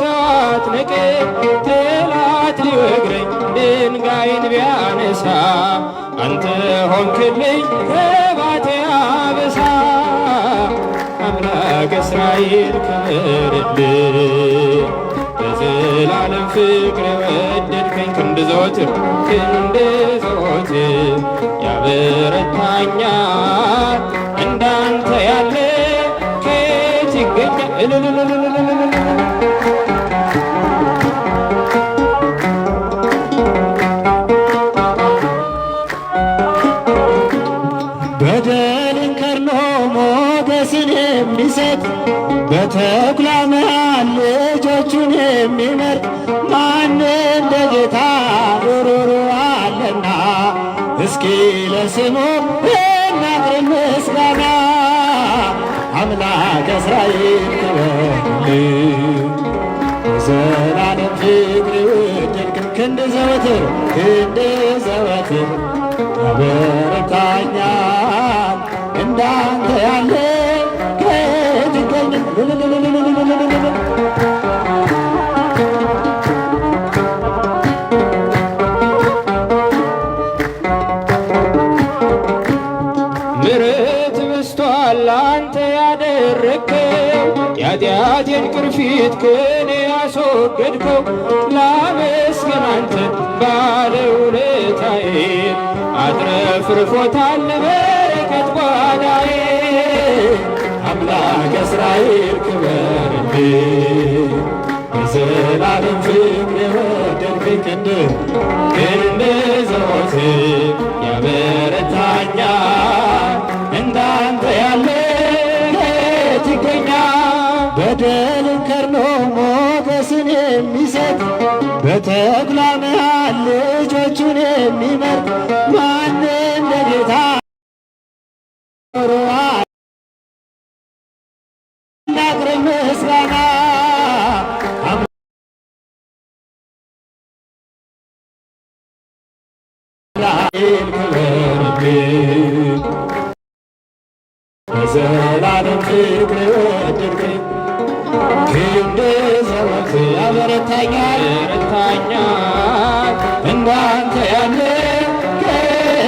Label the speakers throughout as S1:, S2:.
S1: ሳትነቅል ትላት ሊወግረኝ ድንጋይን ቢያነሳ አንተ ሆንክልኝ ከባቴ አበሳ አምላክ እስራኤል ክበርልህ በዘላለም ፍቅር ወደድከኝ ክንድ ዘወትር ክንድ ዘወትር ያበረታኛል እንዳንተ ያለ ከየት ይገኛል? ቃሉን ከርኖ ሞገስን የሚሰጥ በተኩላ መሃል ልጆቹን የሚመርጥ ማን እንደ ጌታ ሩሩ አለና እስኪ ለስሙ እናቅርብ ምስጋና አምላከ እስራኤል ዘላለም ፍቅር ድንቅ ክንድ ዘወትር ክንድ ዘወትር ሌሊት በስቷል አንተ ያደረከው የኃጢአቴን ቅርፊት ከኔ ያስወገድከው ላመስግን አንተን ባለውለታዬ አትረፍርፎታል በረከት ጓዳዬ አምላክ እስራኤል በዘላለም ፍቅር ዘወትር ተኩላ መሃል ልጆቹን የሚመርጥ ማን እንደ ጌታ ናቅረኝ ምስጋና በዘላለም ፍቅር ወደድከኝ ክንድ ዘወትር ያበረታኛል ዳኛ እንዳንተ ያለ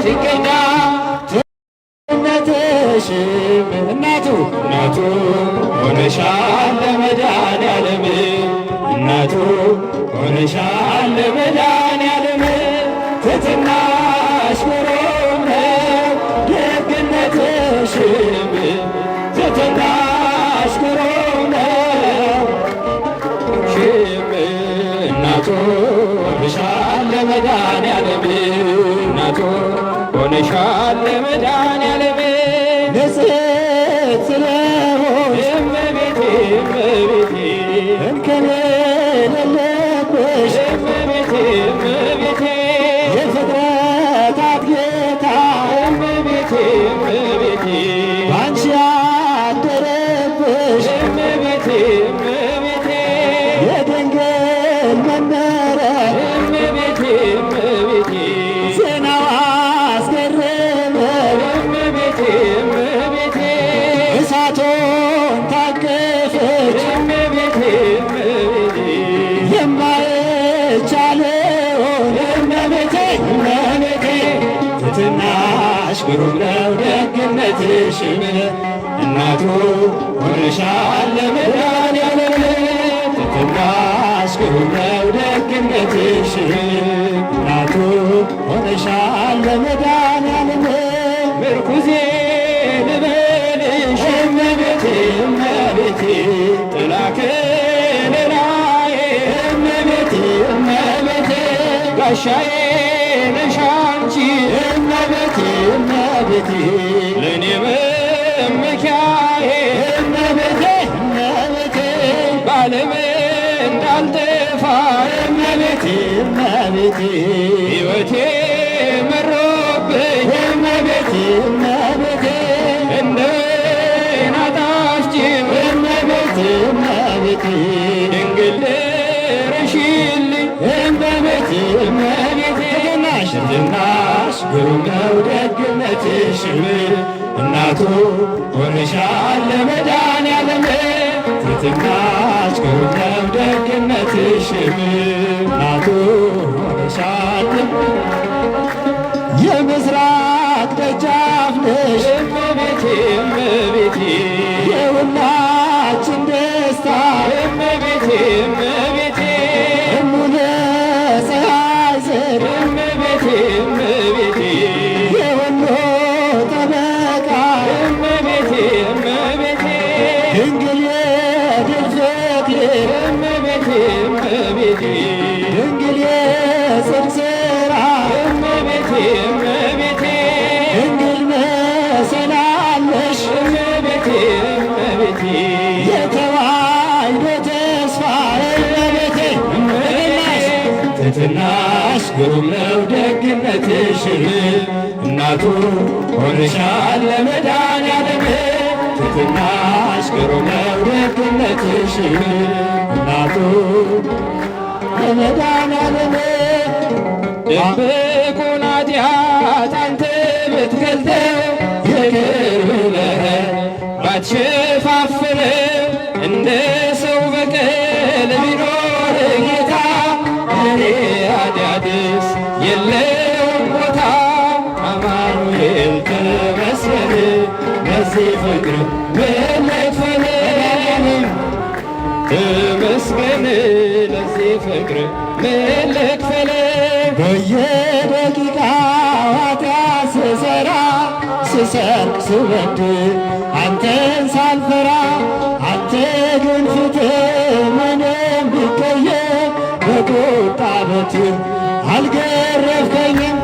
S1: ሲገኛ ትነትሽ እናቱ እናቱ ሆነሻል ለመድኃኒዓለም እናቱ ሆነሻል ለመድኃኒዓለም ትትና ይሻል ለመዳ ግሩም ነው ደግነትሽን እናቱ ሆነሻል ለመድኃኔዓለም ትሕትናሽ ግሩም ነው ደግነትሽን እናቱ ሆነሻል ለመድኃኔዓለም ምርኩዜ ልበልሽ እመቤቴ እመቤቴ ጥላ ከለላዬ እመቤቴ እመቤቴ ጋሻዬ እመቤቴ ለእኔም መኪያዬ እመቤቴ እመቤቴ ባለም እንዳልጠፋ እመቤቴ እመቤቴ ሕይወቴ መሮብኝ እመቤቴ እመቤቴ እንደወይን አጣፍጭኝ እመቤቴ እመቤቴ ድንግል ረሺልኝ እመቤቴ ግሩም ነው ደግነትሽ እናቱ ሆነሻል ለመድኃኒዓለም ትትናሽ ግሩም ነው ደግነትሽ እናቱ ሆነሻል የምስራቅ ደጃፍ ነሽ እመቤቴ እመቤቴ የሁላችን ደስታ እመቤቴ ዝናሽ ግሩም ነው ደግነትሽ እናቱ ሆነሻል ለመድኃኒዓለም ዝናሽ ግሩም ነው ደግነትሽ እናቱ ለመድኃኒዓለም ድብቁን ኃጢአት አንተ ብትገልጠው ይቅር ብለህ ባትሸፋፍነው እንደ መዳደስ የለውም ቦታ አማኑኤል ተመስገን በዚህ ፍቅር መለፈን ተመስገን ለዚህ ፍቅር መለክፈለ በየደቂቃው ኃጢአት ስሰራ ስሰርቅ ስወድ አንተ አልገረፍከኝም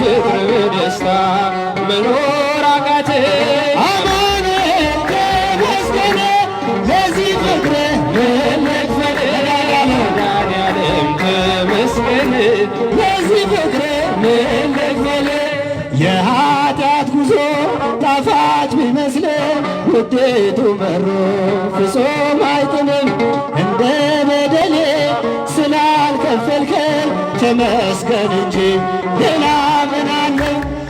S1: በፍቅር በደስታ መኖር አቃተኝ። አማኔ ተመስገን ለዚህ ፍቅር መመክፈል መድኃኒዓለም ተመስገን ለዚህ ፍቅር የኃጢአት ጉዞ ጣፋጭ ቢመስልም ውጤቱ መሮ ፍጹም አይጥንም እንደ በደሌ ተመስገን እንጂ ሌላ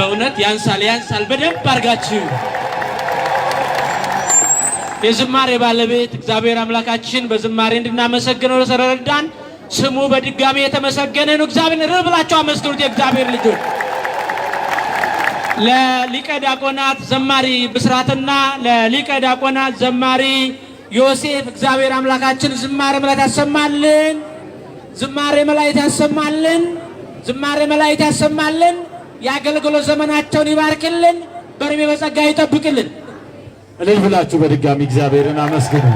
S1: በእውነት ያንሳል ያንሳል። በደንብ አድርጋችሁ የዝማሬ ባለቤት እግዚአብሔር አምላካችን በዝማሬ እንድናመሰግነው ስለረዳን ስሙ በድጋሚ የተመሰገነ ነው። እግዚአብሔር ብላችሁ አመስግኑት። የእግዚአብሔር ልጆች ለሊቀ ዲያቆናት ዘማሪ ብስራትና ለሊቀ ዲያቆናት ዘማሪ ዮሴፍ እግዚአብሔር አምላካችን ዝማሬ መላእክት ያሰማልን። ዝማሬ መላእክት ያሰማልን። ዝማሬ መላእክት ያሰማልን። የአገልግሎት ዘመናቸውን ይባርክልን፣ በርሜ በጸጋ ይጠብቅልን። እልል ብላችሁ በድጋሚ እግዚአብሔርን አመስግኑ።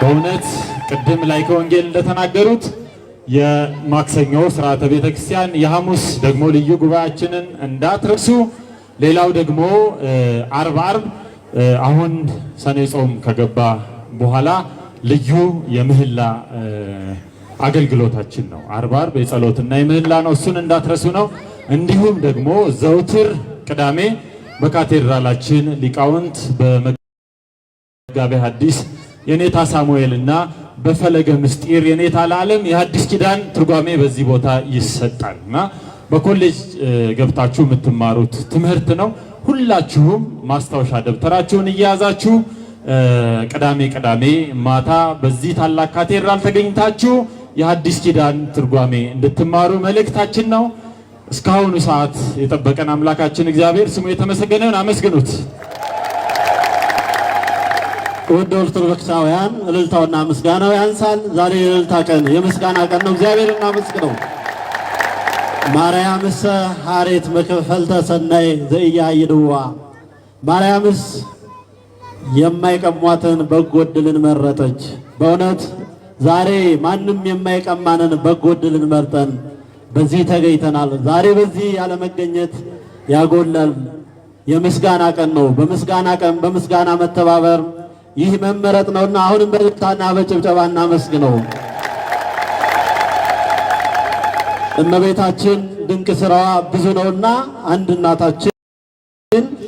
S1: በእውነት ቅድም ላይ ከወንጌል እንደተናገሩት የማክሰኞ ስርዓተ ቤተ ክርስቲያን፣ የሐሙስ ደግሞ ልዩ ጉባኤያችንን እንዳትረሱ። ሌላው ደግሞ አርብ አርብ አሁን ሰኔ ጾም ከገባ በኋላ ልዩ የምህላ አገልግሎታችን ነው። አርብ አርብ የጸሎትና የምህላ ነው። እሱን እንዳትረሱ ነው። እንዲሁም ደግሞ ዘውትር ቅዳሜ በካቴድራላችን ሊቃውንት በመጋቤ ሐዲስ የኔታ ሳሙኤል እና በፈለገ ምስጢር የኔታ ለዓለም የሐዲስ ኪዳን ትርጓሜ በዚህ ቦታ ይሰጣል እና በኮሌጅ ገብታችሁ የምትማሩት ትምህርት ነው። ሁላችሁም ማስታወሻ ደብተራችሁን እየያዛችሁ ቅዳሜ ቅዳሜ ማታ በዚህ ታላቅ ካቴድራል ተገኝታችሁ የአዲስ ኪዳን ትርጓሜ እንድትማሩ መልእክታችን ነው። እስካሁኑ ሰዓት የጠበቀን አምላካችን እግዚአብሔር ስሙ የተመሰገነውን አመስግኑት። ወደ ኦርቶዶክሳውያን እልልታውና ምስጋናው ያንሳል። ዛሬ የእልልታ ቀን የምስጋና ቀን ነው። እግዚአብሔር እናመስግነው። ማርያምሰ ሀሬት መከፈልተ ሰናይ ዘእያ ይድዋ ማርያምስ የማይቀሟትን በጎ ዕድልን መረጠች። በእውነት ዛሬ ማንም የማይቀማንን በጎ መርጠን በዚህ ተገኝተናል። ዛሬ በዚህ ያለመገኘት ያጎላል። የምስጋና ቀን ነው። በምስጋና ቀን በምስጋና መተባበር ይህ መመረጥ ነውና አሁንም በልታና በጭብጨባ እናመስግነው። እመቤታችን ድንቅ ስራዋ ብዙ ነውና አንድ እናታችን